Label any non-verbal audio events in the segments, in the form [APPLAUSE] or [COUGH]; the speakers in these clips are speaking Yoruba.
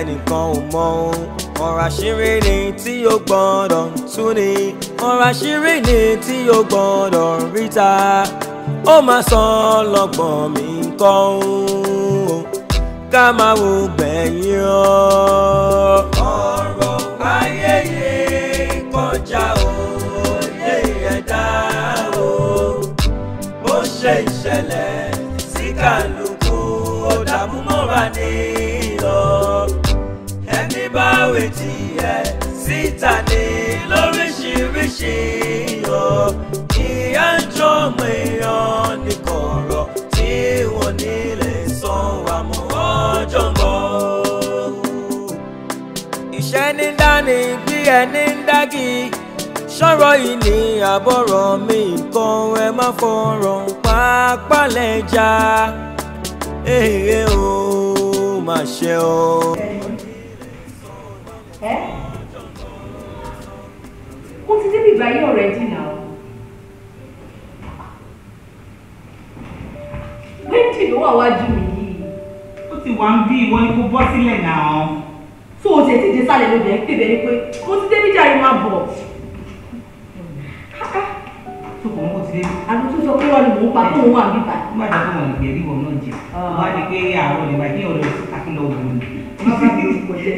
ẹnìkan ò mọ ohun ọ̀rọ̀ àṣírí ni tí o gbọ́dọ̀ tú ni ọ̀rọ̀ àṣírí ni tí o gbọ́dọ̀ ríta ó máa sọ lọ́gbọ̀n mi kọ́ ohun ká máa wo gbẹ̀yìn ọ́. kẹ́ni ń dági sọ̀rọ̀ ilé àbọ̀rọ̀ mi nǹkan ẹ má fọ̀rọ̀ pàápàá lẹ́jà èyí ò mà ṣe o. mo ti débi ìgbà yìí ọ̀rẹ́ dì náà. méjì ló wà wájú mi yìí. ó ti wà ń bí ìwọ ni kò bọ́ sílẹ̀ náà. tó o tètè dé sálẹ̀ lóde ẹ̀ pè bẹ́ẹ̀ ni pé níjà yìí máa bọ̀. tó kàn ń bọ̀ sílé. àbí tó sọ pé wọn ni mò ń pa kó òun wà bíbà. ó má jẹ́ kó wọn ìgbẹ́ bí wọn náà jẹ. wọ́n á di pé àárọ̀ ni wáyé ọ̀rọ̀ àkínlọ̀ ògùn ni. wọ́n bá bí òkú jẹ.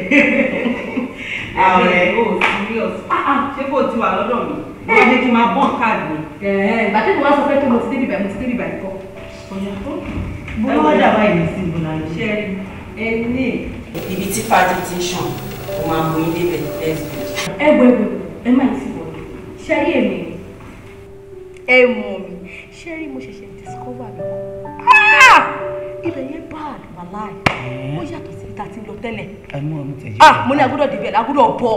àwọn ẹ̀ ó serious. Ah, ah. ṣé kò tiwa lọ́dọ̀ mi? wọ́n eh. jẹ́ kí n máa bọ̀ káàdì. ìgbà tí mo wá sọ pé kí mo ti débi báyìí mo ti débi báyìí kọ́. bọ́lá wájà báyìí sí ibùdó àná. ṣé ẹni ibi tí fájú ti ń ṣàn ó máa mú ilé bẹ̀rẹ̀ ẹ wo ewu ẹ má yìí sí wọlé ṣe rí èmi ẹ mọ mi ṣe rí mo ṣẹ̀ṣẹ̀ discover mi ah! ibẹ̀ yẹn bad wàláì ó yàtọ̀ sí ta ti lọ tẹ́lẹ̀. ẹ mú ah mo ní agbọ́dọ̀ débẹ̀ agbọ́dọ̀ bọ̀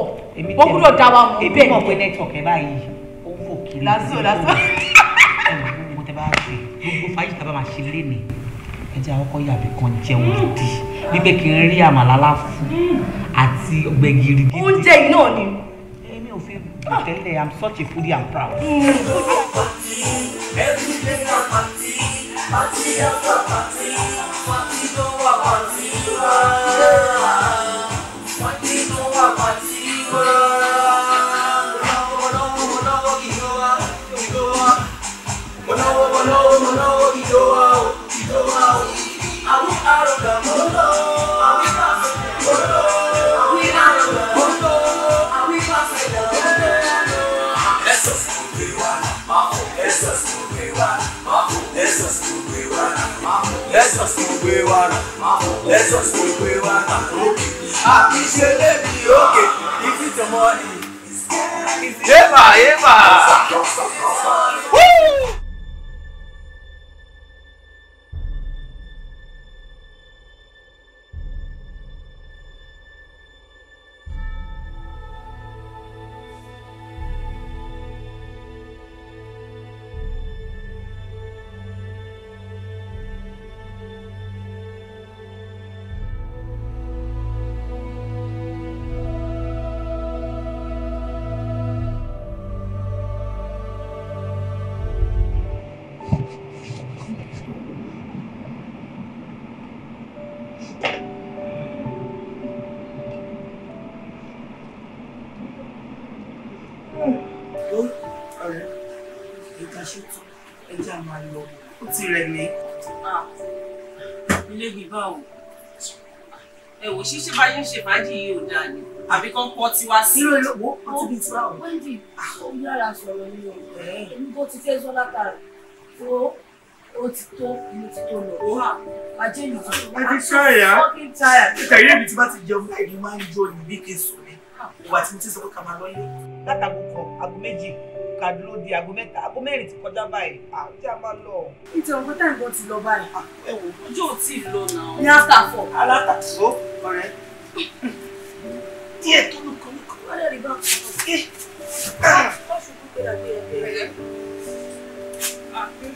wọ́n gbọ́dọ̀ dá wa mọ̀ bẹ́ẹ̀. èmi mọ̀ pé network ẹ báyìí ó ń fò kiri. lásán lásán. gbogbo tẹ bá ṣe gbogbo fàájì ẹjẹ àkọ́kọ́ yàbí kan jẹun gidi nígbẹ kí n rí àmàlálá fún àti ọgbẹ gidi. oúnjẹ yìí náà ni. èmi ò fi tẹ́lẹ̀ i'm such a foodie and proud. Manoa, manoa, manoa, manoa, manoa, lẹ́sàn sí gbé wa rà lẹ́sàn sí gbé wa rà lókè àbí ṣe lébi òkè ìfi tọmọ ni. yéèmà yéèmà. ṣe fàájì yìí ò dáa ni àbí kán kọ́ tiwa sí. irú ìlú wo ó ti di tiwa o. wendy ó ah. yára sọ̀rọ̀ ni o èmi bó ti fẹ́ sọ látara o ó ti tó mo ti tó lọ. wà á jẹ́ ìlú tuntun. mo ti sọ ẹ̀yà nítorí èmi tí bá ti jẹun láì ní máa ń jó ní bí kí n sùn ní ah. tí mo ti sọ pé ká máa lọ lé. látàgò kan aago méjì ká di aago mẹ́ta aago mẹ́rin ti kọjá báyìí àti àmà lọ. nítorí ọkọ táyì díẹ̀ tó mú kan ní kan wálé rí bá ń fọ ké má ṣubú pé àgbẹ̀ ẹ̀gbẹ́ rẹ̀. ó ń yẹ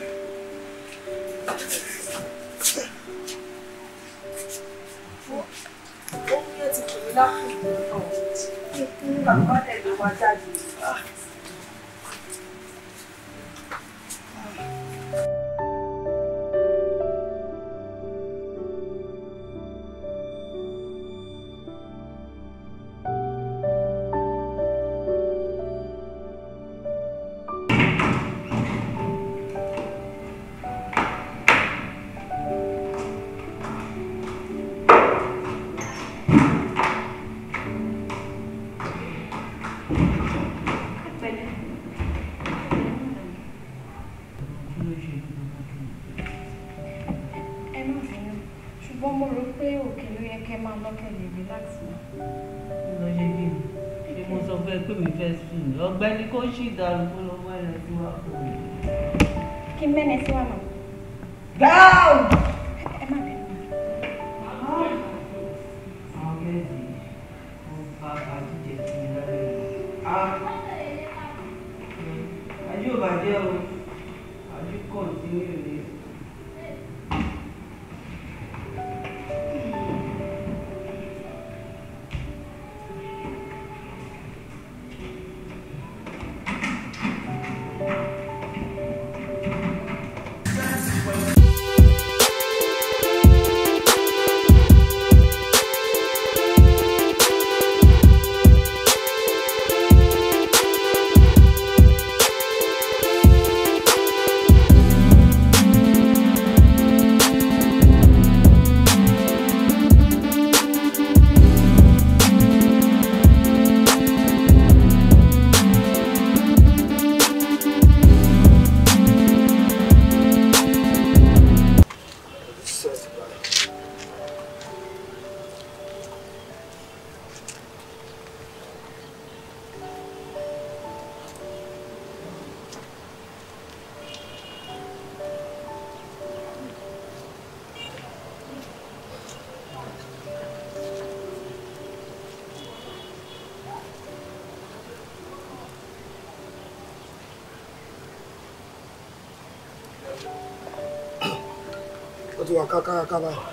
bàbá.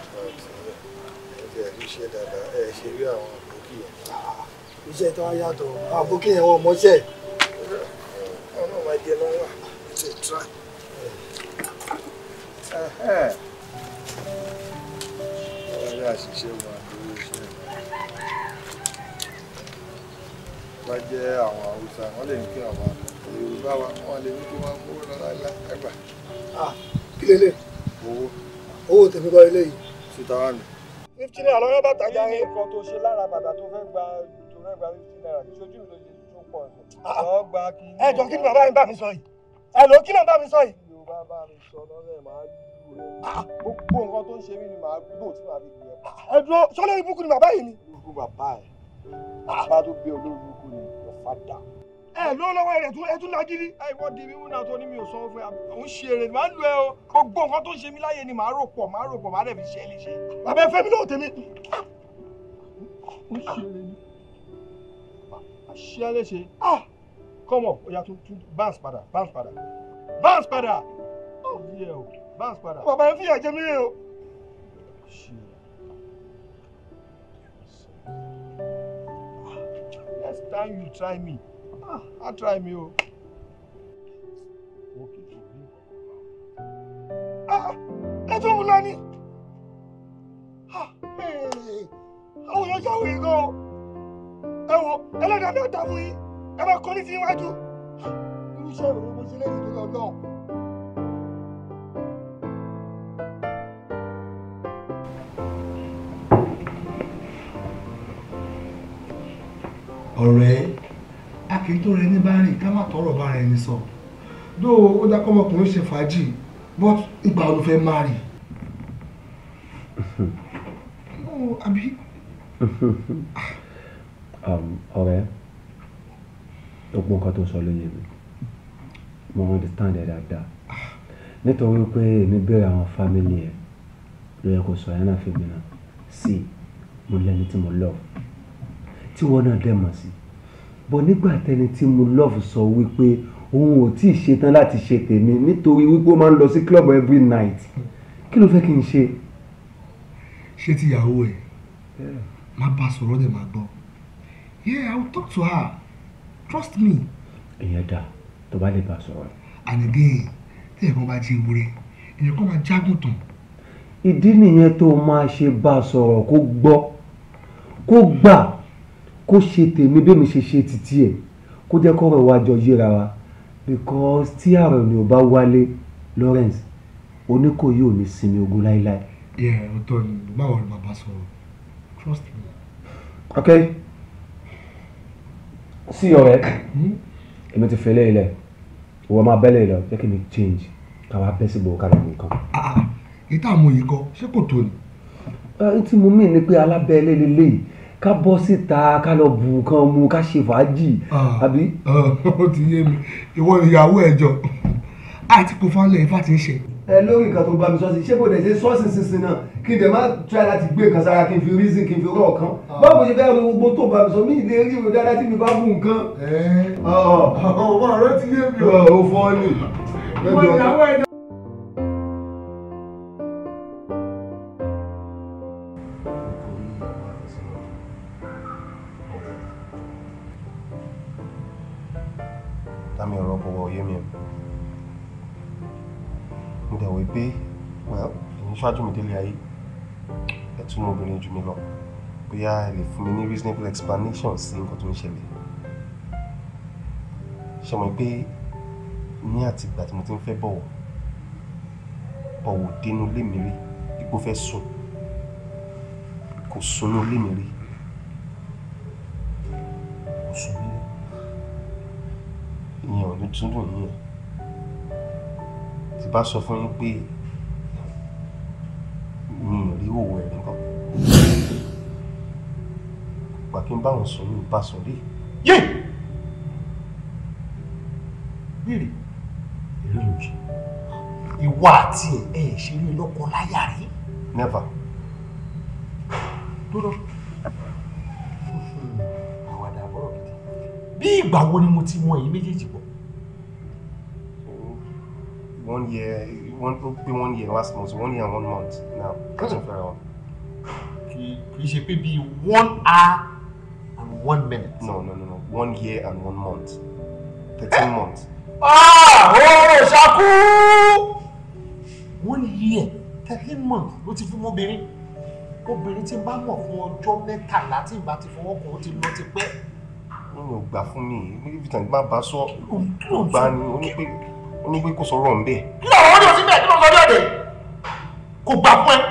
iṣẹ́ tó wá yàtọ̀ àbókè mọ́ṣẹ́ mi kọ́ eléyìí. sita wa ni. fifty naira lọ́yọ́ bàtà já he. nǹkan tó ṣe lára bàtà tó fẹ́ gba tó fẹ́ gba fifty naira ìṣojú mi ló tó pọ̀ ẹ̀. Ah, ah. ọ̀ gba kí. ẹ jọ kí ni bàbá mi bá mi sọ yìí ẹ lọ kí ni bàbá mi sọ yìí. yorùbá bá mi sọ lọ́rẹ̀ máa lù rẹ̀. Ah, gbogbo nǹkan tó ń ṣe mí ni màá gbò tí màá fi gbìyànjú. ẹ dúró sọlẹ́ ibùkún ni bàbá yìí ni. ibùkún bàbá ẹ̀ bàbá tó gbé olóògùn ni ọ̀fadà ẹ ló lọ́wọ́ rẹ̀ tún ẹ tún lágídí. ẹ wọ́n di mímú náà tó ní mi ò sanwó fún ẹ òun ṣe èrè máa ń lu ẹ o gbogbo nǹkan tó ń ṣe mí láyé ni màá rò pọ̀ màá rò pọ̀ màá dẹ̀ fi ṣe é lè ṣe. bàbá ẹ fẹ́ mi lóòótọ́ mi. ṣé ẹ lè ṣe ah! come up oya tún tún bounce padà bounce padà bounce padà yẹ bounce padà. bàbá ẹ fìyà jẹ mí o. next time you try me ah á try mi o. ẹ tún mú lọ ni àwọn èèyàn jáwé gan o ẹ wo ẹlẹ́dàá náà that fún yín ẹ máa kọ́ ní ti iwájú irú iṣẹ́ ìròyìn mo ṣe lẹ́yìn tó lọ náà. ọ̀rẹ́ kiri tó rẹni bá rìn ká má tọrọ bá rẹ ní sọ dó ó dákọ́ ọmọkùnrin ṣe fàájì but ìgbà wo ló fẹ́ máa rì. Oh, àbí. O um, gbogbo nǹkan tó sọ lóye mi mo understand ẹ dáadáa nítorí pé èmi béèrè àwọn fámìlì ẹ ló yẹ kó sọ ẹ náà fi mi sí mo lẹni tí mo love tí wọn náà dẹ̀ mọ̀ sí bọ̀ nígbà tẹni tí mo love sọ wípé òun ò tí ì ṣetán láti ṣe tèmi nítorí wípé ó máa ń lọ sí club every night kí ló fẹ́ kí n ṣe. ṣé tìyàwó ẹ máa bá a sọ̀rọ̀ dẹ̀ máa gbọ́ yeah i will talk to her trust me. èèyàn dà tó bá lè bá a sọ̀rọ̀. and again tí ẹ̀kan bá jẹ ewúrẹ́ èèyàn kan máa jágùn tán. ìdí nìyẹn tó máa ṣe bá a sọ̀rọ̀ kó gbọ́ kó gbà kó ṣe tèmi bí mi ṣe ṣe títí ẹ̀ kó jẹ́ kọ́rọ̀ wa jọ yíra wa because tí àrùn ni ò bá wálé Lawrence Oníkòyí ò ní sinmi ogun láéláé. ẹ ẹ ọ̀tọ̀ ni báwo ni bàbá sọ̀rọ̀ trust me. ok sí ọ̀rẹ́ hmm? èmi ti fẹlẹ ilẹ ìwọ máa bẹlẹ ilẹ jẹ kí mi change káwa bẹ síbò kára mi kan. ìta àmọ́ yìí kọ ṣé kò tó ni. ẹ ti mú mi ni pé alábẹ́ẹ́lẹ́ lélẹ́yìí ká bọ́ síta ká lọ bù kan mu ká ṣe fàájì ah, àbí. Ah, [LAUGHS] ó ti yé mi ìwọ ìyàwó ẹjọ àti [LAUGHS] kò falẹ̀ ifá ti ń ṣe. ẹ lórí nǹkan tó bá mi sọ́ọ̀sì ṣé kò dẹ̀ ṣe sọ́ọ̀sì sísìn náà kí n dẹ̀ má try láti gbé nǹkan sára kí n fi reason kí n fi rọ̀ kan ah. báwo ṣe fẹ́ẹ́ gbogbo tó bá mi sọ mí ìdè rí ìwé dáadáa tí mi bá mú nǹkan. ọ̀ọ́ ọ̀ọ́ ọ̀rẹ́ ti yé mi. ọ̀ọ́ ó fọ́ ni. ìwọ ìyàwó ẹjọ ṣáájú mi délé ayé ẹ tún ní obìnrin jù mí lọ bóyá ẹ lè fún mi ní reasonable explanation sí nǹkan tó ń ṣẹlẹ̀ ṣe mọ̀ pé ní àtìgbà tí mo ti ń fẹ́ bọ̀wọ̀ bọ̀wọ̀ dénú lé mi rí dípò fẹ́ sùn kò sunú lé mi rí kò sùn mí rí ìyẹn ò ní túndùn yín ẹ ti bá sọ fún yín pé mi ò rí òwò ẹ̀rín kí n bá wọn sùn ní ìbá yé béèrè èrè lòdì ìwà àti ẹ̀ ẹ̀ ṣeré lọ́kọ láyà rí. never dúró àwàdà àbọ̀rọ̀ gidi bí ìgbà wo ni mo ti wọn èyí méjèèjì pọ̀. one year One ó pé one year last month one year and one month now kí ló ń fẹ́ra wọn. kì í ṣe pé one hour and one minute. no no no no one year and one month thirteen months. ah oh, shaku! one year thirteen months ló ti fún ọmọbìnrin obìnrin tí bá mọ̀ fún ọjọ́ mẹ́tàlá tí ìbá ti fọwọ́ kàn ó ti lọ ti pẹ́ wọn ò gbà fún mi níbi tàn bá bá sọ gbà ni onípe kò sọ̀rọ̀ ń bẹ. lọ́wọ́ bẹ̀ kò gbà fún ẹ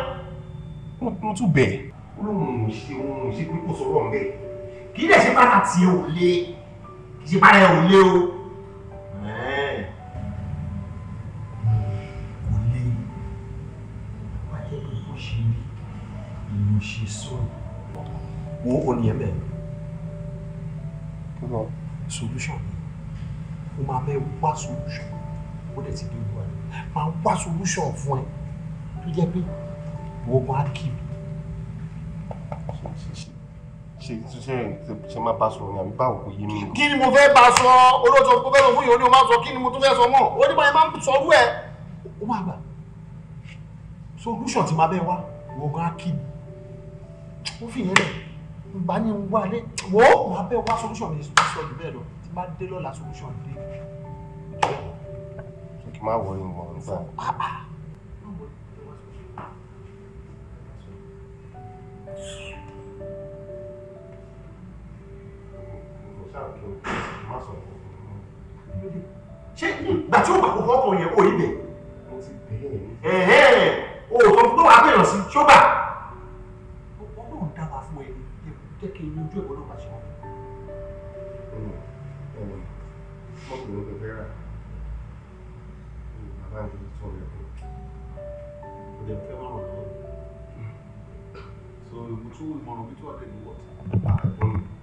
mo tún bẹ̀. olóhùn ṣe ohun ṣe pé kò sọ̀rọ̀ ń bẹ̀ kì í dẹ̀ ṣe bára tiẹ̀ ò le kì í ṣe bára ẹ̀ ò le o. kò le wà jẹ́ pé bó ṣe rí ìlú ṣe sọ̀rọ̀ wo oníyẹn bẹ́ẹ̀ solution ni máa mẹ́ wá solution ó dẹ̀ ti di olúwa máa wá solution fún ẹ tó jẹ́ pé ìwọ máa kì í. ṣe ṣe ṣe máa bá sọ̀rọ̀ ni àbí báwo kò yé mi. kí ni mo fẹ́ bá sọ olóòtú kó fẹ́ sọ fún yòó máa sọ kí ni mo tún fẹ́ sọ mọ́ ó ní báyìí máa ń sọ orú ó máa gbà solution ti máa bẹ́ wá ìwọ máa kì í ó fi yẹn lẹ̀ ìgbà ni wà lé wò máa bẹ́ wá solution ni sọ jù bẹ́ẹ̀ lọ ti máa dé lọ́la solution dé má wọrí mọ nípa. ṣé ìgbà tí ó bá kókó ọkọ yẹn òyìn bẹ. òòtọ́ tó wà pèèyàn sí tí ó bá. ọlọ́run dábàá fún ẹ jẹ́ kí n ojú ẹ̀kọ́ ló bá ṣe wọn. ọmọ ìlú pẹ̀lú rà världen står So mutual man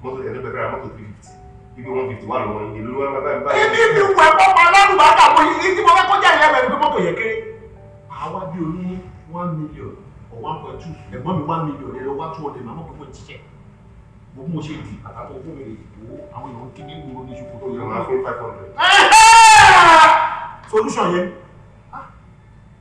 ẹni bẹ̀rẹ̀ rà mọ́tò three fifty. Ibi one fifty one lọ́wọ́ ìlú ló wá báyìí báyìí. Ibi mi wẹ̀ mọ́tò bá dà wọ́n yìí tí mo fẹ́ kọjá ìyá ẹ̀rọ mọ́tò yẹn kéré. Àwa bí o ní one million or one point two ẹ̀gbọ́n mi one million ẹ̀rọ wá two hundred màmá kò fún ìtìjẹ́ mo ṣe di àtàkùn owó mi ìdìbò àwọn èèyàn kí ní ìwúrò ní ṣùkú tó yẹ wọn. solution yẹn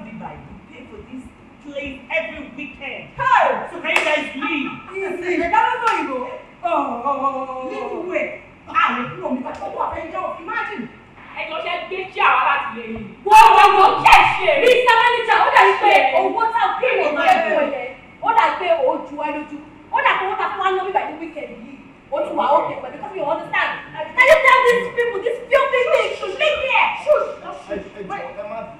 cannot live by. pay for this place every weekend. Hey! So can you guys leave? Easy, you cannot know you go. Oh, oh, oh. Leave where? Ah, you know me, but what do I pay Imagine. Ẹjọ́ ṣe gbé ṣé àwọn alátìlẹyìn. Wọ́n wọ́n wọ́n kẹ́ ṣe. Mr. Manager, ó dàbí pé owó tá a gbé ìwọ̀n máa ń wọ̀ yẹn. Ó dàbí pé ojú ẹ lójú. Ó dàbí owó tá a fún wa náà nígbà tí wíkẹ̀ndì yìí. Ó ti wà ókè pẹ̀lú kí wọ́n understand. Can you tell these people this filthy thing to live here? Shush! Ẹ jọ ẹ má bí.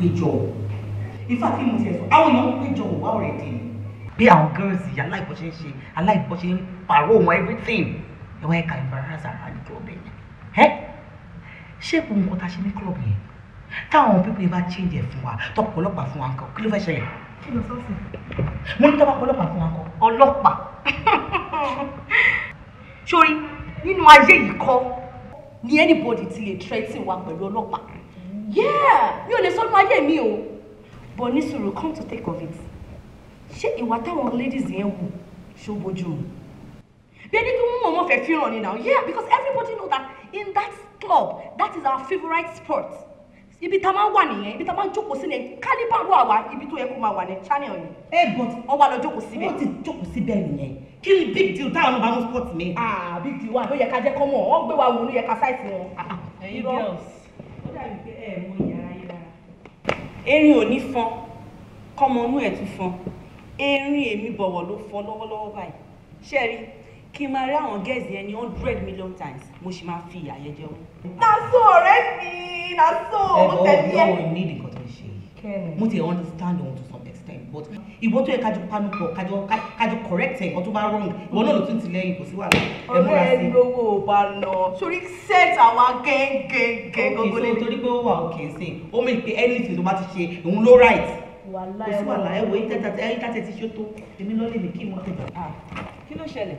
péjọ ìfà kí mo tiẹ̀ sọ àwọn èèyàn ń péjọ òwá ọ̀rẹ́ dì í bí àwọn girls yìí aláìbọ̀ ṣe ń ṣe aláìbọ̀ ṣe ń pàrọ̀ wọn everything ẹ wá ẹ̀ka embarrass ara ní club yẹn ẹ ṣé kò ń kọta ṣe ní club yẹn táwọn pípé bá change ẹ̀ fún wa tọpọlọpàá fún wa nǹkan kí ló fẹ́ ṣẹlẹ̀ mo ní tọ́pọ̀ ọlọ́pàá fún wa kọ ọlọ́pàá sórí [LAUGHS] nínú ayé yìí kọ́ ni anybody ti lè threaten wa pẹ̀lú ọlọ́pàá yeah mi ò lè sọ́nù ayé mi o but ní come to take of it ṣé ìwà táwọn ladies yẹn wù ṣó bójú mu bẹ́ẹ̀ni kí wọ́n mọ̀ fẹ́ fíran ni now yeah because everybody know that in that club that is our favourite sport ibi tá a máa wà nìyẹn ibi tá a máa jókòó sí nìyẹn kálíbàrú àwa ibi tó yẹ kó máa wà ní channel yẹn. ẹ eh, but wọn wá lọ jókòó síbẹ̀. wọ́n ti jókòó síbẹ̀ nìyẹn kí ni big deal táwọn ọmọ bá mú sport mi. ah big deal wa ló yẹ ká jẹ́ kọ́mọ̀ wọ́n gbé wa wò ló yẹ ká ṣáìtì wọn. Ah, ah. ẹ̀yin girls dàbí pé ẹ mọ ìyá ayé rárá. erin ò ní fọn kọ́mọ inú ẹ̀ tún fọn erin èmi bọ̀wọ̀ ló fọn lọ́wọ́lọ́wọ́ báyìí ṣé rí kí n máa rí àwọn gẹ̀ẹ́sì ẹni hundred million times mo sì máa fi ìyà yẹn jẹ wọn. naso ọ̀rẹ́ mi naso ó tẹ̀lé ẹ. ẹ bọ́ ọ ní ìdíkọ̀ ṣe mo ti understand ohun tó but ìwọ tó yẹ kájọ panupọ̀ kájọ kájọ correct ẹ̀ nǹkan tó bá wrong ìwọ náà ló tún ti lẹ́yìn kò sí wàhálà ẹ múra sí. ọ̀rẹ́ ẹ lówó ò bá lọ sórí set àwa gẹ́gẹ́gẹ́ gbogbo lè. ok so torí pé ó wà òkè sí i ó mọ̀ pé anything tó bá ti ṣe òun ló right. wàhálà ẹ wà láyé wo ẹyí tàtẹ ti ṣó tó èmi lọ lè mi kí wọn. Ah, kí ló ṣẹlẹ̀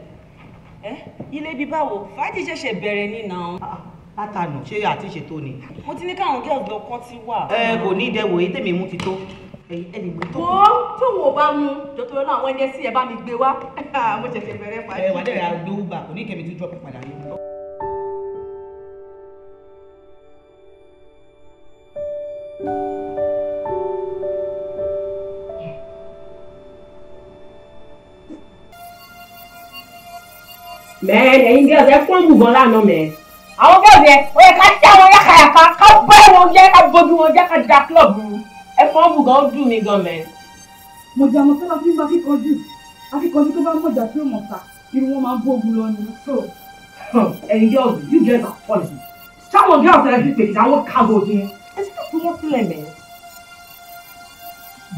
ẹ ilé bíbáwo fàájì ṣẹ̀ṣẹ̀ bẹ̀rẹ̀ ní náà ah, ah, látànù ṣé àti ṣètò ni. mo ti ní káwọn girls lọ kọ́ ti wà. ẹ kò ní ìdẹ́wò èyí tèmi mú ti tó ẹ̀yin ẹ̀yin mú tó. wo tí òun ò bá mú jọtọrọ náà àwọn ẹni ẹsìn ẹ bá mi gbé wá [LAUGHS] mo ṣẹ̀ṣẹ̀ bẹ̀rẹ̀ pàdé. ẹ wà lẹ́yìn àgbo uber kò ní kẹ́mi tó drop padà ní. mẹ́ẹ̀ lẹ́yìn bí ọ̀sẹ̀ fún ìbùgbọ́n lánàá mẹ́ẹ̀ àwọn bọ́ọ̀lù yẹn ó yẹ ká já wọn yá ká ká ká wọn yẹ ká bójú wọn yẹ ká já club ẹ̀fọn bù gan ó dùn mí gan mẹ́. mo jẹ àwọn sábà fún akíkanjú akíkanjú tó bá mọ̀jà tí ó mọ̀ ta irú wọn máa ń bóògùn lọ ni so. ẹ̀yin yóò you get that policy sáwọn girls ẹ̀ fi pèsè àwọn kágo ní ẹ ẹ sì fún wọn sílẹ̀ mẹ́.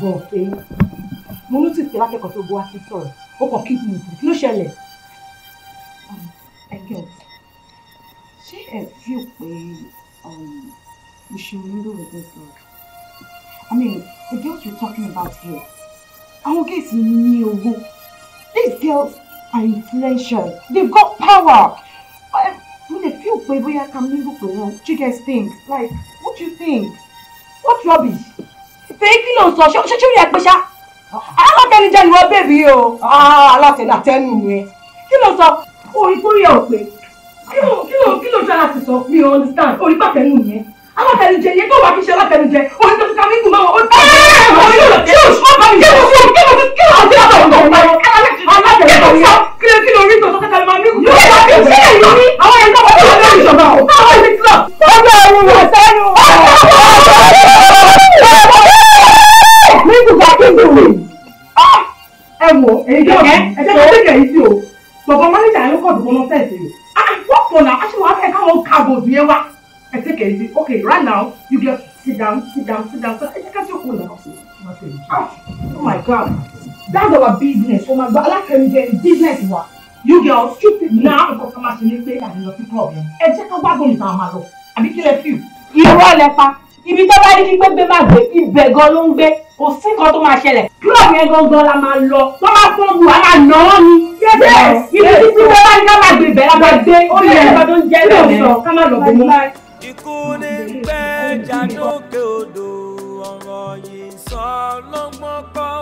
bọ̀ èyí mo ní tìsí lákẹ́kọ̀ọ́ tó bó wá sí sọ̀rọ̀ ó kàn kí mi kí ló ṣẹlẹ̀. ẹ gẹ̀ ṣé ẹ fi pé ìṣòro ló rẹ̀ bẹ́ẹ̀ sọ̀rọ̀ I mean, the girls you're talking about here, our girls ní owó. These girls are influential. They've got power. When eh, they feel pé bóyá ká mingle pé wọn? What you guys think? Like, what do you think? What rubbish? Fèyí kí ló ń sọ? Ṣé ṣé ó yẹ pé ṣá? Alátẹni jẹ́ ìwọ bèbí o. Ah, Alátẹni àtẹnu yẹn. Kí ló sọ? Orí kórìíra ò pé. Kí ló kí ló kí ló ṣe láti sọ? Mi ò understand. Orí pàtẹ́nu yẹn alákẹnijẹ yẹn tó wà kí ṣe alákẹnijẹ orí tó kíkà nínú náà ó ti ṣe ọ̀rọ̀ yóò ṣe oṣù ọba mi. kíló fún kíló fún kíló fún kíló fún kíló fún kíló fún kíló kíló kíló rí tòótọ́ kẹta ló máa mí kú. yóò wá bí ṣe èyí ní àwọn ẹ̀ka wọn tó wà lórí ìjọba o. báwo ni kílọ̀. ó bẹ ẹrù wọ sẹ́nu. ní kùkà kí n dùn ẹ wò èyí jẹ́ ẹ̀jẹ̀ tó tẹ̀lé yìí sí o bọ̀bọ̀ máníjà ló kọ̀ dùn mọ́ fẹ́ẹ̀ sí o. àpò pọ̀ náà aṣọ àwọn akẹ́kọ̀ọ́ kàbọ̀ dùn yẹn wá. I take it easy. Okay, right now, you just sit down, sit down, sit down. So I can't talk now. Oh my God. That's our business. Oh my God. I like them business work. You girls, stupid now. Because I'm asking you, I'm not the problem. And check out what I'm on Àbí kí lẹ feel. Irọ́ lẹ pa. Ibi lepa? If you tell me máa gbé, ibẹ̀ gan ló ń gbé. Kò sí nǹkan tó máa ṣẹlẹ̀. Club yẹn gangan la máa lọ. Wọ́n máa fún mu, a máa nà wọ́n ni. Ibi tí tí wọ́n bá ní ká máa gbé ibẹ̀ la máa gbé. Ó yẹ kí wọ́n tó ń jẹ́ lọ́wọ́. Ká má ikú ní pẹ́ jádókè odò ọ̀rọ̀ yìí sọ lọ́gbọ́n kọ́.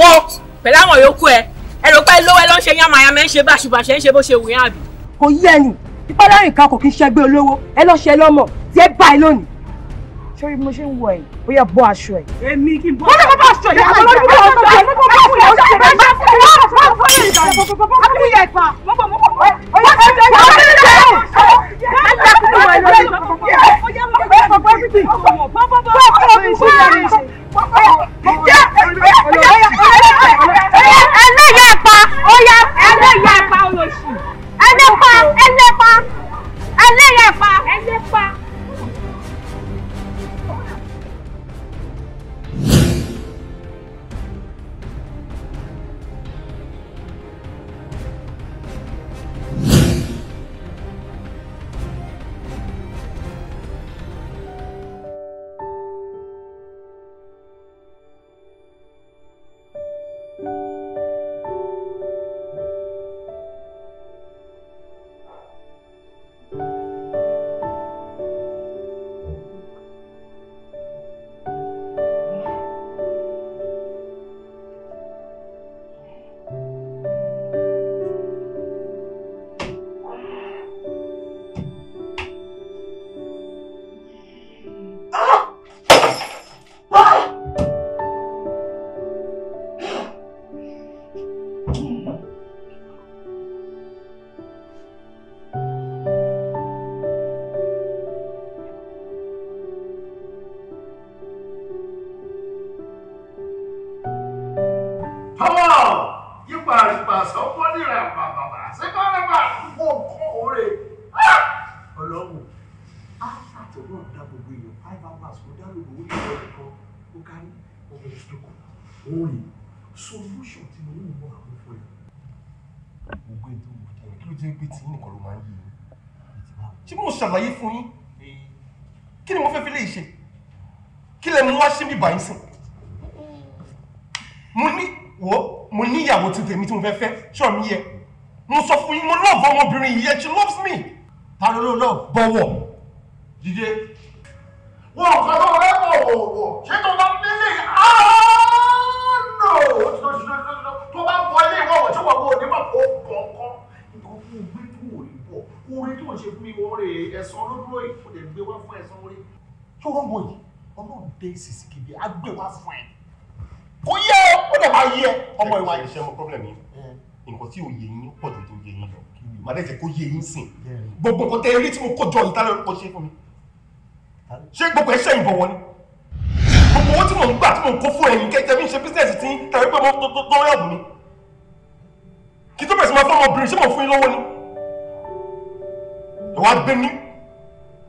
ìwọ pẹ̀lú àwọn yòókù ẹ ẹ rò pé lówó ẹ ló ń ṣe yánmayàmẹ ń ṣe báṣubàṣẹ ń ṣe bó ṣe wù yín àbí. kò yí ẹ̀yìn ìpàdánù kan kò kí ń ṣẹgbẹ́ olówó ẹ lọ́ ṣe lọ́mọ tí ẹ bá ẹ lónìí. sori mo ṣe ń wọ ẹ ó yẹ aṣọ ẹ. èmi kì í bọ́ aṣọ ẹ. mo ní kó bá aṣọ ẹ mo bá fún yàrá ṣe bẹ́ẹ̀ ṣe fún yàrá ṣe fún yàrá ṣe fún yàrá ṣe fún yàrá ṣe fún yàrá ṣe fún yàrá ṣe fún yàrá ṣe fún yàrá pa ó yá ẹlẹ́yà pa olóṣì ẹlẹ́pa ẹlẹ́pa. bíbá yín sìn mo ní wo mo ní ìyàwó ti tèmi tí mo fẹ́ fẹ́ ṣọ́ mi yẹ mo sọ fún yín mo love ọmọbìnrin yìí yẹ she loves me ta ló ló bọ̀wọ̀ dídé. wọn kàn ló rẹ bọ̀wọ̀wọ̀ ṣé tó bá délé àánú tó bá wọlé ìwọ̀wọ̀ tí wọ́n bọ̀ onímọ̀ kó kọ̀ọ̀kan orin tó ń ṣe fún mi wọ́n rè é ẹ̀sán olódúró ìfúnlẹ̀ gbé dé ìsìsìkìbí á gbé wá ẹ kò yẹ ọ ó dẹ̀ yẹ ọmọ ìwà yìí. ṣe mo problem yìí nǹkan tí ò yé yín pọ̀ ju tó yé yín lọ màá dẹ̀ jẹ́ kó yé yín sìn gbogbo nǹkan tẹ eré tí mo kó jọ ìtàlẹ́ orúkọ ṣe fún mi ṣé gbogbo ẹ ṣẹ́yìn bọ̀ wọ́n ni gbogbo owó tí mò ń gbà tí mò ń kó fún ẹ̀yìn kẹ́kẹ́ bí ń ṣe bísíǹsì tí tẹ̀wé pé mo tó rẹ̀ mí kí tó bẹ̀rẹ̀ sí máa ọmọbìnrin ṣé mò fún yín lọ́wọ́ ni ìwà gbé ní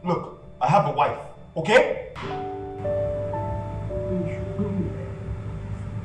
look I have a wife okay.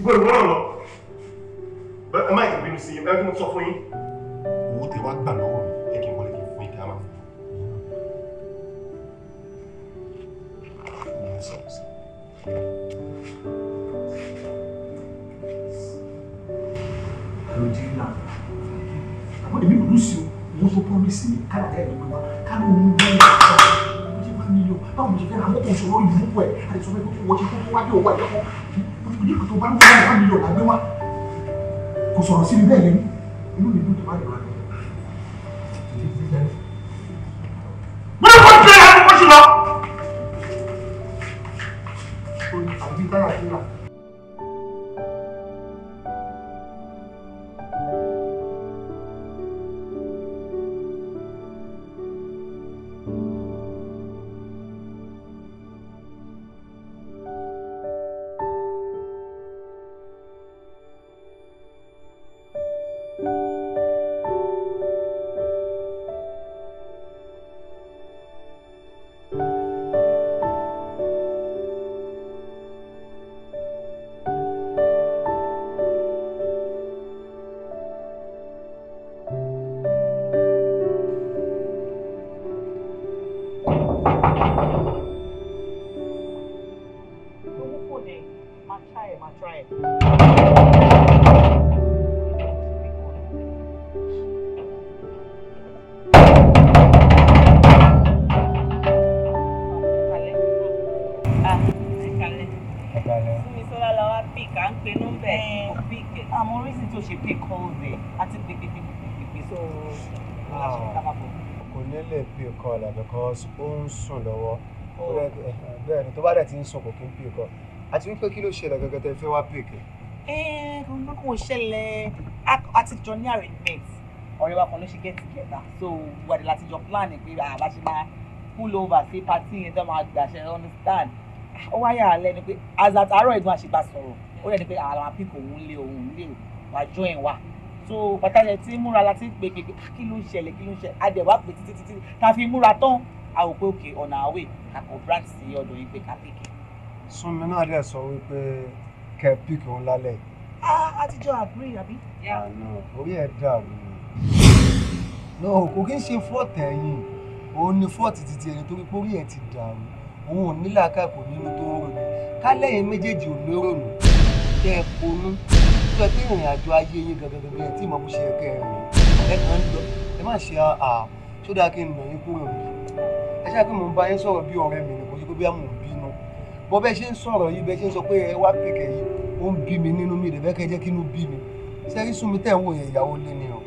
ìgbọ́ ìwọ́n náà lọ ẹ má ìbínú sí ẹ kí mo sọ fún yín owó tẹ wá gbà lọ́wọ́ mi ẹ kí n wọlé kí n fún ìdáàmà fún Lójúlá, àmọ́ èmi ò lùsí o, mo tó promise mi, ká lọ́ọ́ ẹ̀dùn wa, ká lọ́ọ́ mú bẹ́ẹ̀ lọ́wọ́, mo jẹ́ bá mi lọ, báwo mo ṣe fẹ́ ra mọ́tò ìṣòro ìlú pọ̀ ẹ̀, àti sọ fẹ́ kó wọ́n ṣe kó wájú ọwọ́ ẹ̀dọ́kọ́, mo ní kòtò bá ń wá wà mí yọ̀ bá gbé wá kò sọ̀rọ̀ sí mi bẹ́ẹ̀ yẹn inú mi dùn tó bá yọ̀ wá. mo ní kó tẹ̀lé àwọn ọmọ ṣùgbọ́n. ń sọ kò kí n pè kọ àti wípé kí ló ṣẹlẹ̀ gẹ́gẹ́ tẹ́ fẹ́ wá pè kẹ́. ẹ ẹ ló kò ṣẹlẹ̀ àtijọ́ ní arrangement ọ̀rẹ́ wa kan ló ṣe get together so wàdí láti jọ plan pé àbá ṣe máa pull over sí party yẹn tó máa gbà ṣe understand ó wáyà lẹ́nu pé as at àárọ̀ ìdún àṣegbà sọ̀rọ̀ ó yẹ ni pé àwọn àpíkò òun lé òun lé wàá join wa so pàtàkì tí múra la ti ń pèpè pé kí ló ń ṣẹlẹ̀ kí ló ń ṣẹlẹ̀ adẹ̀wà pè títí títí tá a fi múra tán a ò pé òkè ọ̀nà àwẹ̀ kakọ̀ branch sí ọ̀dọ̀ yìí pé ká pèkè. Súnmi náà dẹ̀ sọ wípé kẹ́ píkì òun lálẹ́. a ti jọ agree àbí. àná orí ẹ̀ dàrú ni. náà kò kí ń ṣe fọ́ọ̀tì ẹ̀yìn òun ni fọ́ọ̀tì títí ẹni torí pé orí ẹ̀ ti dàrú òun ò nílà káàkó nínú tó ń rònú kálẹ̀yìn méjèèjì ò ní rònú kẹ́ ẹ ponú tó ẹ pé ìrìn àjò ayé yín gangan ẹ tí mo bó ṣe kẹ́ ẹ rìn ẹ kàn ń lọ ẹ má ṣe àà sódà kí n nà yín kúrò ẹ ṣáà kí mò ń bá yín sọ̀rọ̀ bí ọ̀rẹ́ mi nìkan ṣe pé bí àmọ̀ bọ́ bẹ́ẹ̀ ṣe ń sọ̀rọ̀ yìí bẹ́ẹ̀ ṣe ń sọ pé ẹ wá pèkẹ́ yìí ó ń bí mi nínú mi rẹ̀ bẹ́ẹ̀ kẹ́ jẹ́ kí inú bí mi ṣé rí sunmi tẹ̀ ń wò yẹn ìyàwó lé ni o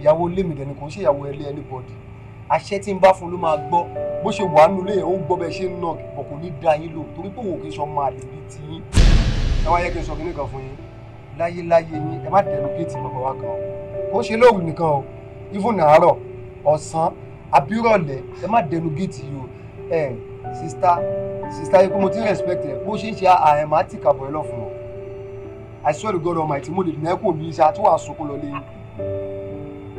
ìyàwó lé mi dẹ̀ni kò ń ṣe ìyàwó ẹlẹ́ anybody àṣẹ tí ń bá fún ló máa gbọ́ bó ṣe wà nínú ilé yẹn ó ń gbọ́ bẹ́ẹ̀ ṣe ń nà bọ̀ kò ní da yín lò torí pé òun kì í sọ máa lè bí ti yín ẹ wá yẹ kí n sọ kíní kan fún yín láyéláyé yín ẹ má dẹnu géètì bàbá wa kan ó ṣe lóòrùn nìkan o even àárọ̀ ọ̀sán àbírọ̀lẹ̀ ẹ má dẹnu géètì yìí o ẹ sista sista yìí pé mo ti ń respect ẹ bó ṣe ń ṣe àhẹ̀má tì kàbọ̀ ẹ lọ fún I swear to God Almighty mo lè dìnnà ẹkùn mi ṣe àtúwà sunkún lọ lẹ́yìn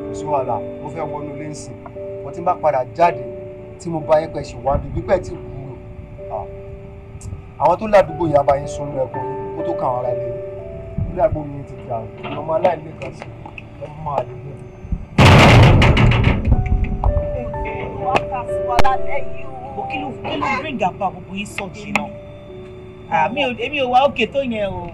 kò sí wàhálà mo fẹ́ wọnú lẹ́sìn mo ti ń bá padà jáde tí mo bá yín pẹ̀ ṣì wá bíbí pẹ̀ tí kúrò àwọn tó ládùúgbò yìí abáyé sunú ẹkùn kó tó kàn ara lẹ́yìn ládùúgbò mi ti dà ọmọ aláìlẹ́ kan sí ọmọ máa lè lẹ́yìn. wàá wa lálẹ́ yìí o àbò kí ló kí ló bring àbò àbòbò yìí sọ jìnnà èmi ò wá òkè tó yẹn o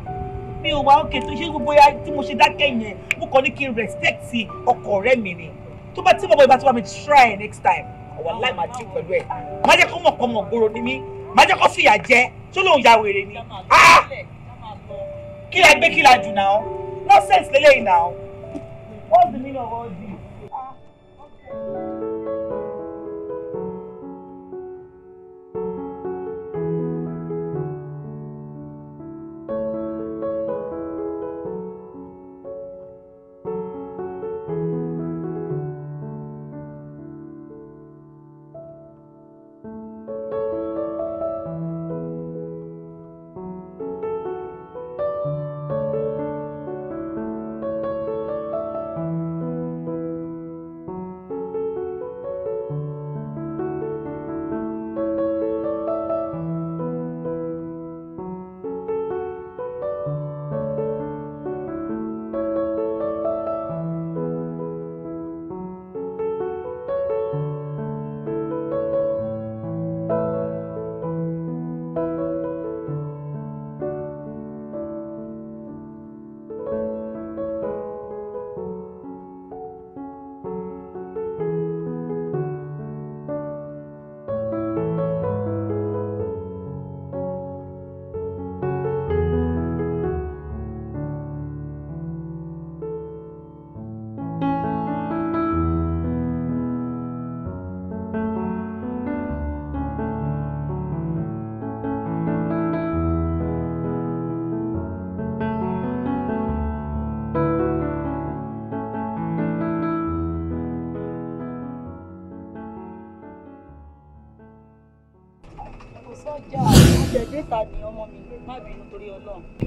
mi ò wá òkè tó ṣe gbogbo ya tí mo ṣe dákẹ́ yẹn mo kàn ní kí n respect ọkọ ọ̀rẹ́ mi ni tó bá tí mo bọ̀ ìbá tí wàá mi try next time ọ̀wọ́ láì máa jí pẹ̀lú ẹ̀ má jẹ́ kó mọ̀ kọ́ mọ̀ gbòòrò ni mí má jẹ́ kó fìyà jẹ tó lóun ya wèrè ni ah! kí la gbé kí la jù náà nonsense lélẹ́yìn náà what's the meaning of all mẹ́ta ni ọmọ mi má bínú torí Ọlọ́run.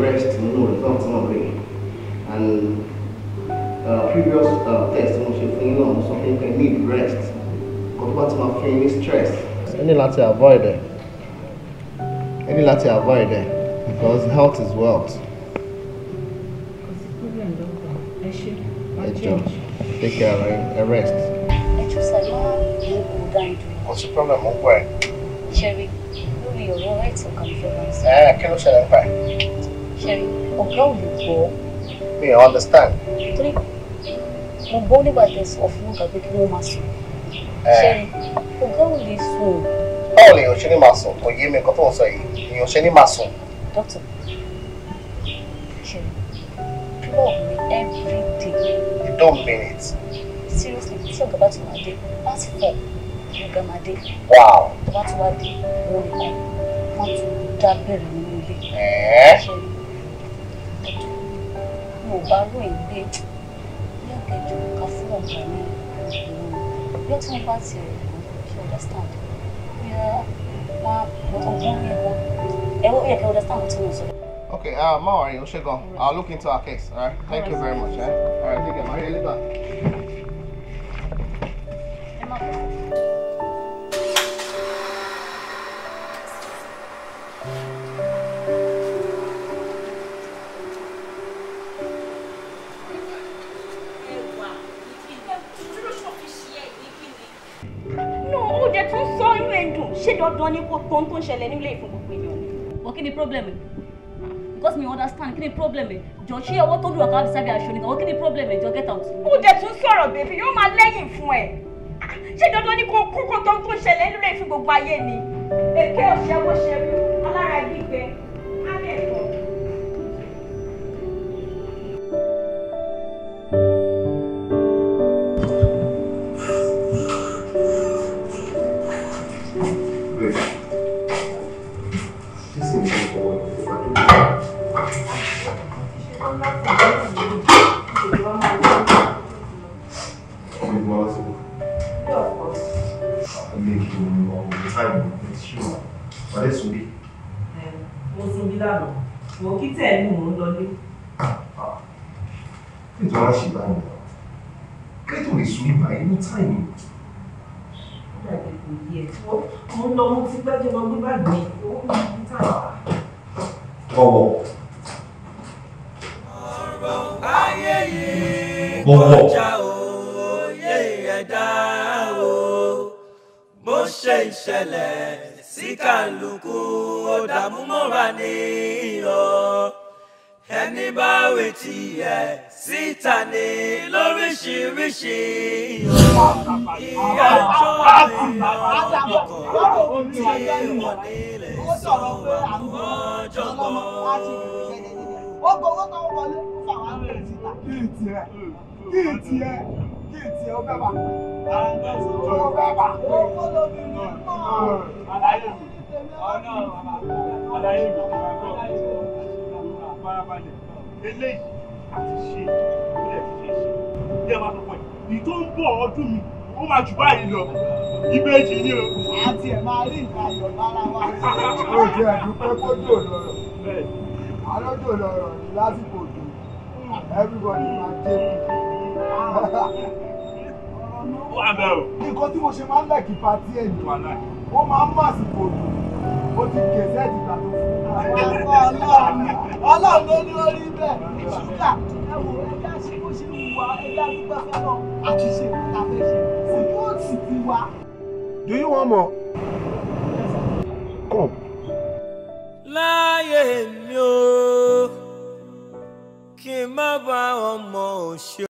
rest nínú result not rè and uh, previous uh, test mo ṣe fún yín náà mo need rest kò what's my ti máa stress. Any ní láti avoid it. Any ní láti avoid it because health is wealth. kò sí problem doctor ẹ ṣe wá change. take care ẹ rest. ẹ jọ sáré máa ń mú problem I'm ń gbọ́ ẹ. ṣe rí lórí ọ̀rọ̀ right of conference. ẹ kí ló ṣẹlẹ̀ ń pa ẹ ṣẹ́rí ọ̀gá ò you gbọ́. Me, I understand. Three. mo gbọ́ nígbà tẹ sọ fún ọ̀gá pé kí wọ́n máa sùn. ṣẹ́rí eh. ọ̀gá ò lè sùn. you lèèyàn ṣe ní máa sùn kò yé mi nǹkan tó ń sọ yìí plug me every day. you don't mean it. seriously tí ọ̀gá bá ti day. dé láti you, ọ̀gá my day. wow. tó bá ti Only dé wọ́n lè kọ́ wọ́n tún dá bẹ̀rẹ̀ nínú mi ò bá rò yìí pé bí àkẹjọ fún ọ̀gá ní ìlú bí wọ́n bá ti rẹ̀ kí understand bí wọ́n ọgbọ́n mi wọ́n yẹ kí understand tí mo sọ. Okay, uh, Mawari, Oshigon, I'll look into our case, alright? Thank you very much, eh? Alright, take care, Maria, later. ṣé dandan ni kò tó ń tó ń ṣẹlẹ̀ nílé ìfún gbogbo èèyàn ni. wọ́n kí ni problem ẹ̀ because mi understand kí ni problem ẹ̀ jọ ṣé ọwọ́ tó dùn àkàwé sábẹ́ aṣọ nìkan wọ́n kí ni problem ẹ̀ jọ get out. ó jẹ tún sọ̀rọ̀ bèbí yóò máa lẹ́yìn fún ẹ ṣé dandan ni kò kókó tó ń tó ń ṣẹlẹ̀ nílé ìfún gbogbo ayé ni èké ọ̀ṣẹ́ wọ́ṣẹ́ rí eléyìí àti ṣe ilé ẹ̀fí ṣe ṣe ní ẹ̀ máa tó pọ̀ yìí tó ń bọ̀ ọdún mi ó máa jù báyìí lọ ìbejì ni o. àti ẹ̀ máa rí nǹkan ayọ̀ lára wa. ó jẹ́ àdúpẹ́ kó jò lọ́rọ̀ alójò lọ́rọ̀ lásìkò òjò everybody máa jẹ́ mi nǹkan tí mo ṣe máa ń láìkí pàtí ẹ̀ nù wọ́n máa ń máàsì kò lù ó ti gẹ̀ẹ́sẹ̀ ti gbà tó fún ọlọ́run ló ní orí bẹ́ẹ̀ ṣúgà ẹ wò ẹja ṣe bó ṣe wù wá ẹja dúpẹ́ fẹ́ràn àti ṣe àfẹ́ ṣe sìkúùtì ti wá. Do you want more? Come. láyé mi ò kí n má bá ọmọ òṣèlú.